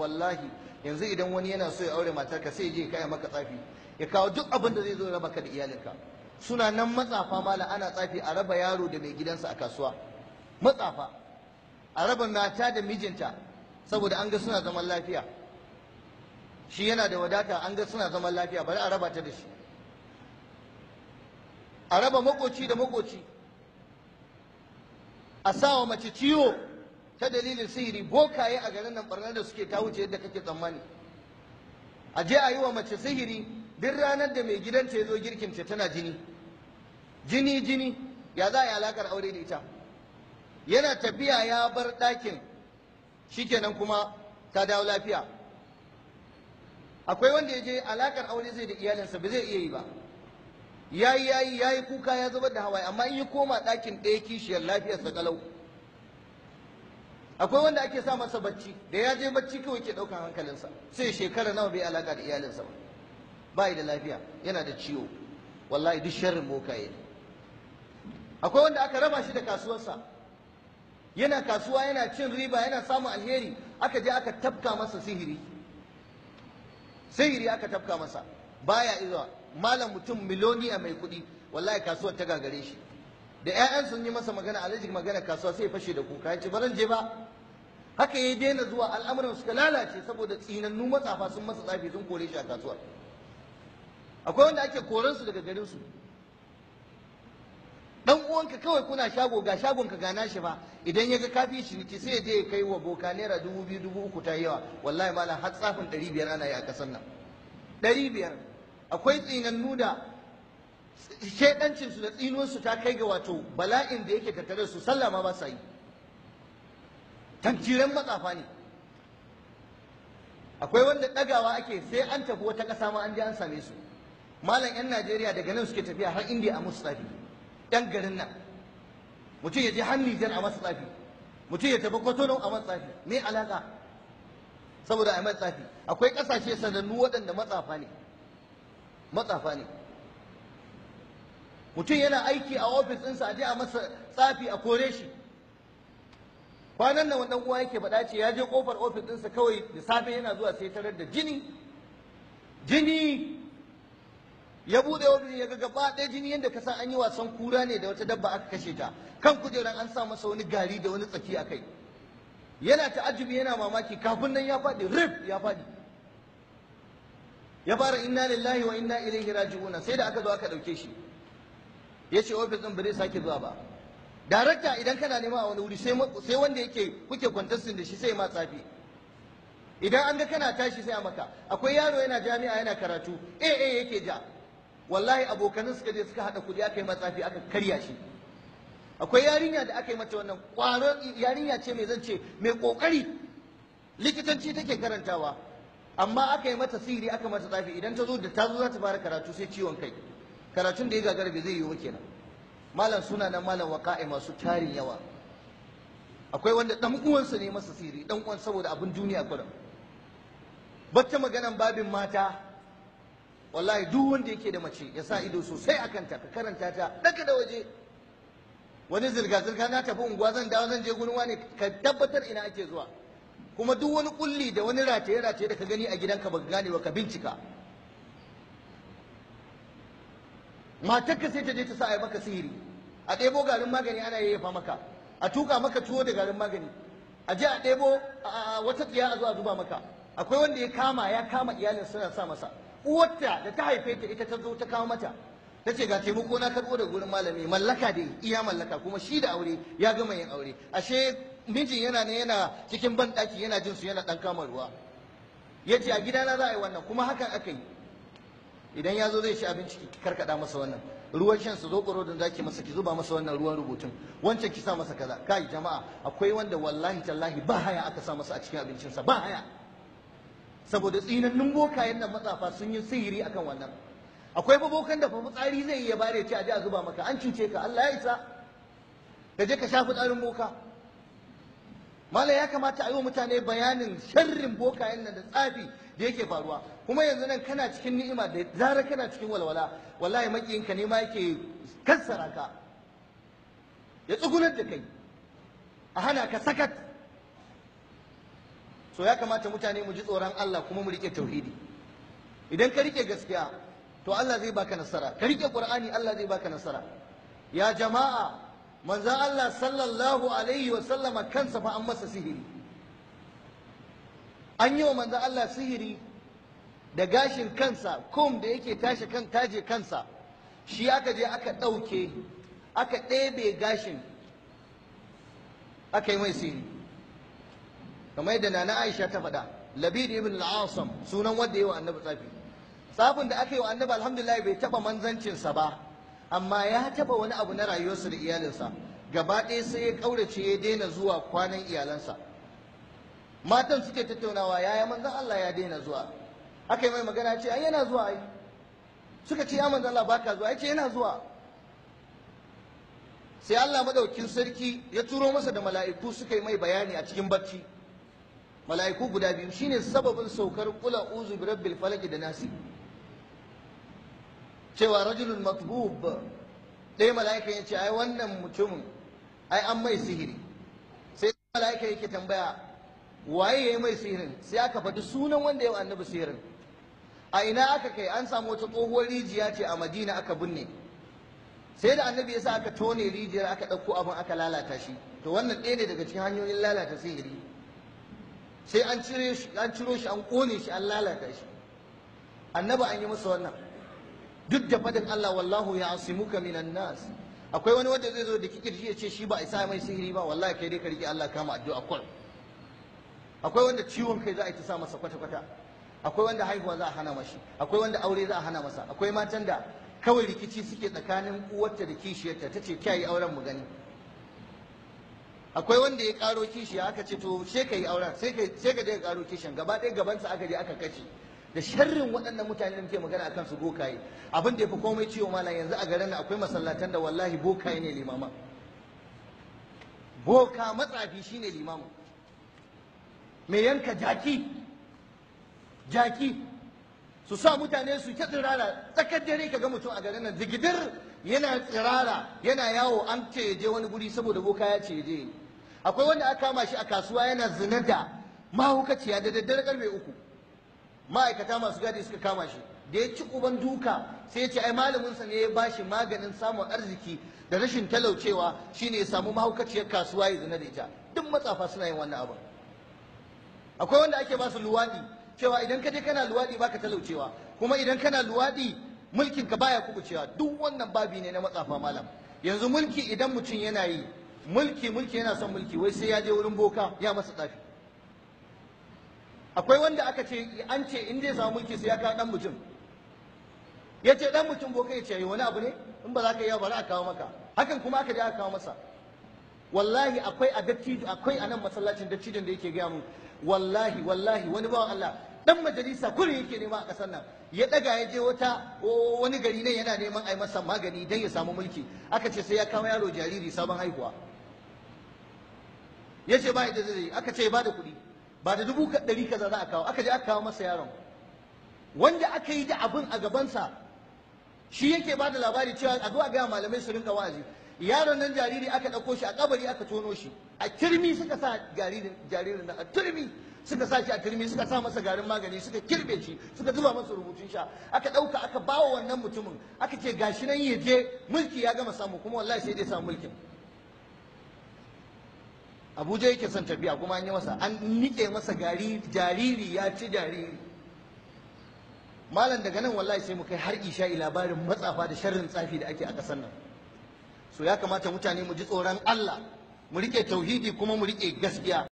wallahi yanzu idan wani yana so ya aure matarka sai je kai maka tsafi ya kawo duk abin da zai zo raba ka da iyalinka suna nan matsafa mala ana tsafi a raba yaro da mai gidansa a kasuwa matsafa a raba mata da mijinta saboda an ga suna zaman lafiya shi yana da wadata an ga suna zaman lafiya bari a raba ta da shi a raba makoci da makoci a sawa mace ciwo ta dalilin sihiri bokaye a garin nan barnar da suke ta wuce yadda kake tsammani a je a yi wa mace sihiri duk ranar da mai gidanta ya zo girkin ce tana jini jini jini ya za a yi alakar aure da ita yana tafiya ya bar ɗakin shikenan kuma ta dawo lafiya akwai wanda ya je alakar aure zai da iyalinsa ba zai iya yi ba yayi yayi yayi kuka ya zubar da hawaye amma in ya koma ɗakin ɗaya kishiyar lafiyarsa kalau akwai wanda ake sa masa bacci da ya je bacci kawai ke ɗaukan hankalinsa sai shekara nawa bai alaka da iyalinsa ba ba da lafiya yana da ciwo wallahi duk sharrin ya ne akwai wanda aka raba shi da kasuwarsa yana kasuwa yana cin riba yana samun alheri aka je aka tafka masa sihiri sihiri aka tafka masa baya izuwa malam mutum miloniya mai kuɗi wallahi kasuwar ta gagare shi da 'ya'yan sun yi masa magana alhaji magana kasuwa sai fashe da kuka ya ce baran je ba haka ya daina zuwa al'amuran suka lalace saboda tsinannu matsafa sun masa tsafi sun kore shi a kasuwa akwai wanda ake koran su daga garin su dan uwanka kawai kuna shago ga shagon ka gana shi ba idan ya ga kafi niki, sai ya je ya kai wa boka naira dubu biyu dubu uku ta yawa wallahi malam har tsafin ɗari biyar ana yi a ƙasar nan ɗari biyar akwai tsinannu da shaidancinsu da tsinuwarsu ta kai ga wato bala'in da yake tattare su sallah ma ba sa yi tantiren matsafa ne akwai wanda ɗagawa ake sai an tafi wata ƙasa ma an je an same su malam 'yan najeriya daga nan suke tafiya har indiya a musu tsafi 'yan garin nan mutum ya je har nijar a masu tsafi mutum ya tafi kotonou a masu tsafi me alaƙa saboda a masu tsafi akwai ƙasashe sanannu waɗanda matsafa ne matsafa ne mutum yana aiki a ofis ɗinsa a je a masa tsafi a kore shi kwanan nan wani uwa yake faɗa ce ya je kofar ofis ɗinsa kawai da safe yana zuwa sai tarar da jini jini ya buɗe ofis ya ga gaba ɗaya jini yadda ka san an yi wasan kura ne da wata dabba aka kashe ta kan kujeran an sa masa wani gari da wani tsaki a kai yana ta'ajjubi yana mamaki kafin nan ya faɗi rif ya faɗi ya fara inna lillahi wa inna ilaihi raji'una sai da aka zo aka ɗauke shi ya ce ofis ɗin ba zai sake zuwa ba darakta idan kana nema a wani wuri sai wanda yake kuke kwantastin da shi sai ma tsafi idan an ga kana tashi sai a maka akwai yaro yana jami'a yana karatu eh eh yake ja wallahi abokanin suka je suka haɗa kuɗi aka yi matsafi aka karya shi akwai yarinya da aka yi mata wannan ƙwaro yarinya ce mai zance mai ƙoƙari likitanci take karantawa amma aka yi mata sihiri aka mata tsafi idan ta zo da ta zo za ta fara karatu sai ciwon kai karatun da ya gagara bai zai yi wake kenan malam suna na malam waka'i masu tarin yawa akwai wanda dan uwansa ne masa siri dan uwan saboda abin duniya kuran bacce maganan babin mata wallahi duk wanda yake da mace ya sa ido sosai akan ta ka karanta ta daga da waje wani zirga zirga na tafi unguwa zan dawo zan je gurin wani ka tabbatar ina ake zuwa kuma duk wani kulli da wani rataye rataye da ka gani a gidanka ka gane ba ka bincika matarka sai ta je ta sa a maka sihiri a ɗebo garin magani ana yayyafa maka a tuka maka tuwo da garin magani a je a ɗebo wata tsiya a zo a zuba maka akwai wanda ya kama ya kama iyalin suna sa masa uwarta da ta haife ta ita ta zo ta kawo mata ta ce ga taimako na karɓo da gurin malami mallaka da iya mallaka kuma shi da aure ya gama yin aure ashe mijin yana ne yana cikin banɗaki yana jin su yana ɗan kama ruwa ya ce a gidana za a yi wannan kuma hakan aka yi idan ya zo zai ci abinci ki karkada masa wannan ruwan shan su zo da zaki masa ki zuba masa wannan ruwan rubutun wancan ki sa masa kaza kai jama'a akwai wanda wallahi tallahi ba haya aka sa masa a cikin sa ba haya saboda tsinannin bokayen nan matsafa sun yi sihiri akan wannan akwai babokan da fa fitsari zai iya bare ci a je a zuba maka an cince ka Allah ya isa ka je ka shafi tsarin boka Malam ya kamata a yi wa mutane bayanin sharrin bokayen nan da tsafi da yake faruwa kuma yanzu nan kana cikin ni'ima da zara kana cikin walwala wallahi makiyinka ne ma yake kassara ka ya tsugunar da kai a hana ka sakat so ya kamata mutane mu ji tsoron Allah kuma mu rike tauhidi idan ka rike gaskiya to Allah zai baka nasara ka rike Qur'ani Allah zai baka nasara ya jama'a manzan Allah sallallahu alaihi wa sallama kansa fa an masa sihiri an yi wa manzan Allah sihiri da gashin kansa kum da yake tashi kan taje kansa shi aka je aka ɗauke aka ɗebe gashin aka yi mai sihiri kamar yadda nana Aisha ta faɗa Labid ibn al-Asam sunan wanda yi wa annabi tsafi tsafin da aka yi wa annabi alhamdulillah bai taɓa manzancinsa ba amma ya taba wani abu na rayuwarsa da iyalinsa gaba ɗaya sai ya ƙaurace ya daina zuwa kwanan iyalansa matan suke tattaunawa ya yi manzan Allah ya daina zuwa aka yi mai magana ce ai yana zuwa ai suka ce ya manzan Allah baka zuwa yake yana zuwa sai Allah madaukin sarki ya turo masa da mala'iku suka yi mai bayani a cikin barci mala'iku guda biyu shine sababin saukar kula uzu bi rabbil falaq da nasi cewa rajulun makbub ɗaya mala'ika ya ce ai wannan mutumin ai an mai sihiri sai mala'ika yake tambaya waye ya yi mai sihirin sai aka faɗi sunan wanda ya annabi sihirin a ina aka kai an samu wata tsohuwar rijiya ce a madina aka binne sai da annabi ya sa aka tone rijiyar aka ɗauko abin aka lalata shi to wannan ɗaya ne daga cikin hanyoyin lalata sihiri sai an ciro shi an ƙone shi an lalata shi annabi an yi masa wannan duk da fadin Allah wallahu ya asimuka minan nas akwai wani wanda zai zo da kike ya ce shi ba a sa mai sihiri ba wallahi kai dai ka rike Allah kama addu'a kwal akwai wanda ciwon kai za a yi ta sa masa kwata kwata akwai wanda haihuwa za a hana mashi akwai wanda aure za a hana masa akwai matan da kawai rikici suke tsakanin uwarta da kishiyarta ta ce kyayi auren mu gani akwai wanda ya karo kishiya aka ce to sai ka yi auren sai ka je ka karo kishin gaba ɗaya gabansa aka je aka kace da sharrin waɗannan mutane da muke magana akan su bokaye abin da ya fi komai ciwo malam yanzu a garin akwai masallatan da wallahi bokaye ne limama boka matsafi shine limama mai yanka jaki jaki su sa mutane su ta tsirara tsakar dare ka ga mutum a garin nan zigidir yana tsirara yana yawo an ce ya je wani guri saboda boka ya ce je akwai wanda aka kama shi a kasuwa yana zina da da daddare karfe uku ma'aikata masu gadi suka kama shi da ya ci kuban duka sai ya ce ai malamin sa ne ya bashi maganin samun arziki da rashin talaucewa shine ya samu mahaukaciyar kasuwa ya zina da ita duk matsafa suna yin wannan abin akwai wanda ake basu luwadi cewa idan ka je kana luwadi baka talaucewa kuma idan kana luwadi mulkin ka baya kubucewa duk wannan babi ne na matsafa malam yanzu mulki idan mutum yana yi mulki mulki yana son mulki wai sai ya je wurin boka ya masa tsafi akwai wanda aka ce an ce in zai samu mulki sai ya kawo dan mutum ya ce dan mutum boka ya ce wani abu ne in ba za ka yi bari a kawo maka hakan kuma aka je aka kawo masa wallahi akwai a dattijo akwai a nan masallacin dattijon da yake gaya mun wallahi wallahi wani bawan Allah dan majalisa kullum yake nema a kasar nan ya daga ya je wata wani gari ne yana neman a yi masa magani dan ya samu mulki aka ce sai ya kawo yaro jariri sabon haihuwa ya ce ba da zai aka ce ba da kuɗi ba da dubu ɗari kaza za a kawo aka je aka kawo masa yaron wanda aka yi da abin a gabansa shi yake ba da labari cewa a zuwa ga malamai su rinka wa'azi yaron nan jariri aka ɗauko shi a kabari aka tono shi a kirmi suka sa jaririn nan a turmi suka sa shi a turmi suka sa masa garin magani suka kirbe shi suka zuba masa rubutun sha aka ɗauka aka bawa wannan mutumin aka ce gashi nan ya je mulki ya gama samu kuma wallahi sai dai samu mulkin abuja yake son tafiya kuma an yi masa an nike masa gari jariri ya ci jariri malam daga nan wallahi sai mu kai har isha'i labarin matsafa da sharrin tsafi da ake a ƙasar nan so ya kamata mutane mu ji tsoron Allah mu rike tauhidi kuma mu rike gaskiya